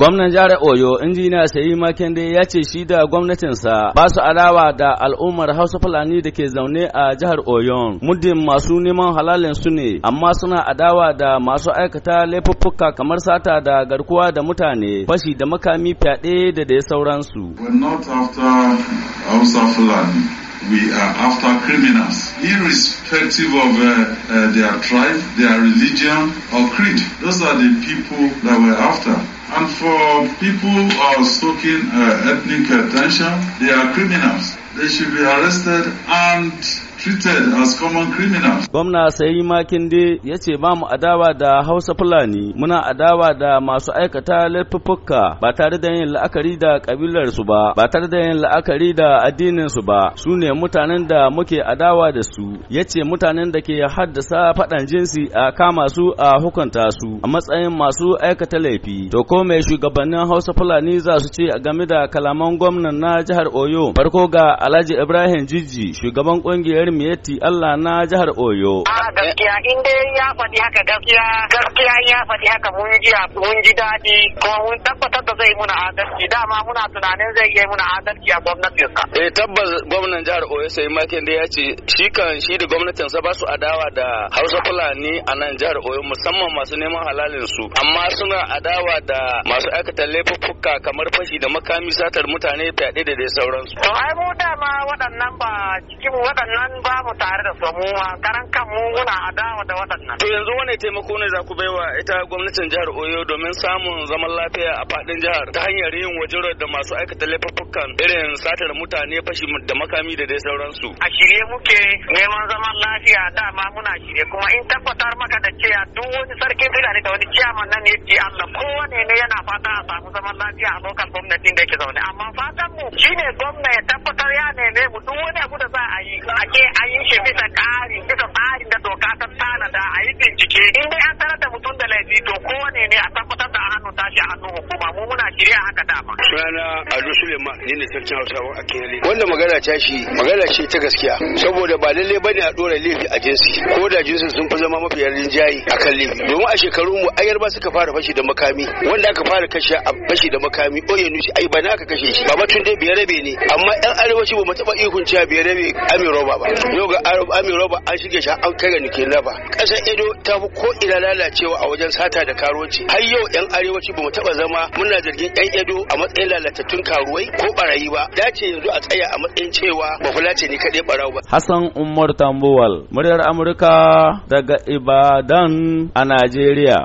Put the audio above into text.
Gwamnan jihar Oyo, injiniya Sayi da ya ce shi da gwamnatinsa ba su alawa da al'ummar Hausa Fulani da ke zaune a jihar Oyo. Muddin masu neman halalin su ne, amma suna adawa da masu aikata laifuffuka kamar sata da garkuwa da mutane, fashi da makami fyaɗe da dai sauransu. We're not after Hausa Fulani. we are after criminals, irrespective of uh, uh, their tribe, their religion, or creed. Those are the people that we're after. And for people who are stoking uh, ethnic tension, they are criminals. They should be arrested and treated as common criminals. Gwamna Sayi Makinde ya ce ba mu adawa da Hausa Fulani, muna adawa da masu aikata laifuffuka ba tare da yin la'akari da kabilar su ba, ba tare da yin la'akari da addinin su ba, su ne mutanen da muke adawa da su. Ya ce mutanen da ke haddasa faɗan jinsi a kama su a hukunta su a matsayin masu aikata laifi. To ko mai shugabannin Hausa Fulani za su ce a game da kalaman gwamnan na jihar Oyo. Farko ga Alhaji Ibrahim Jiji, shugaban ƙungiyar Miyeti Allah na jihar Oyo. A gaskiya in dai ya faɗi haka gaskiya gaskiya ya faɗi haka mun ji mun ji daɗi ko mun tabbatar da zai muna adalci dama muna tunanin zai yi muna adalci a gwamnatinsa. Eh tabbas gwamnan jihar Oyo sai makin da ya ce shi kan shi da sa ba su adawa da Hausa Fulani a nan jihar Oyo musamman masu neman halalin su amma suna adawa da masu aikata laifuffuka kamar fashi da makami satar mutane fyaɗe da dai sauransu. To ai mu dama waɗannan ba cikin waɗannan ba mu tare da su mu karan kan mu muna adawa da waɗannan. To yanzu wani taimako ne za ku wa ita gwamnatin jihar Oyo domin samun zaman lafiya a faɗin jihar ta hanyar yin wajirar da masu aikata laifuffukan irin satar mutane fashi da makami da dai sauransu. A shirye muke neman zaman lafiya dama muna shirye kuma in tabbatar maka da cewa duk wani sarkin birane da wani ciyaman nan ne ke Allah kowane ne yana fata a samu zaman lafiya a lokacin gwamnatin da ke zaune amma fatan mu shine gwamna ya tabbatar ya neme mu duk wani a ce an yi shi bisa ƙari bisa tsarin da doka ta da a yi bincike in dai an sanar da mutum da laifi to kowane haka Sunana Ado Suleiman ni ne sarkin Hausawa a Wannan magana ta shi magana ce ta gaskiya saboda ba lalle bane a dora laifi a jinsi ko da jinsin sun fi zama mafi rinjaye kan laifi domin a shekarun mu ayar ba suka fara fashi da makami wanda aka fara kashe a fashi da makami nushi ai ba na aka kashe shi baba tun dai biyar rabe ne amma yan arewaci ba mu taba ihun cewa biyar rabe ami roba ba yau ga ami roba an shige shi an kai ga nike ba. kasar edo ta fi ko ina lalacewa a wajen sata da karuwanci har yau yan arewaci ba mu taba zama muna zargin yan ado a matsayin lalatattun karuwai ko barayi ba dace yanzu a tsaya a matsayin cewa ba ce ne kaɗai ɓarau ba. Hassan Umar Tambuwal, muryar Amurka daga Ibadan a Najeriya.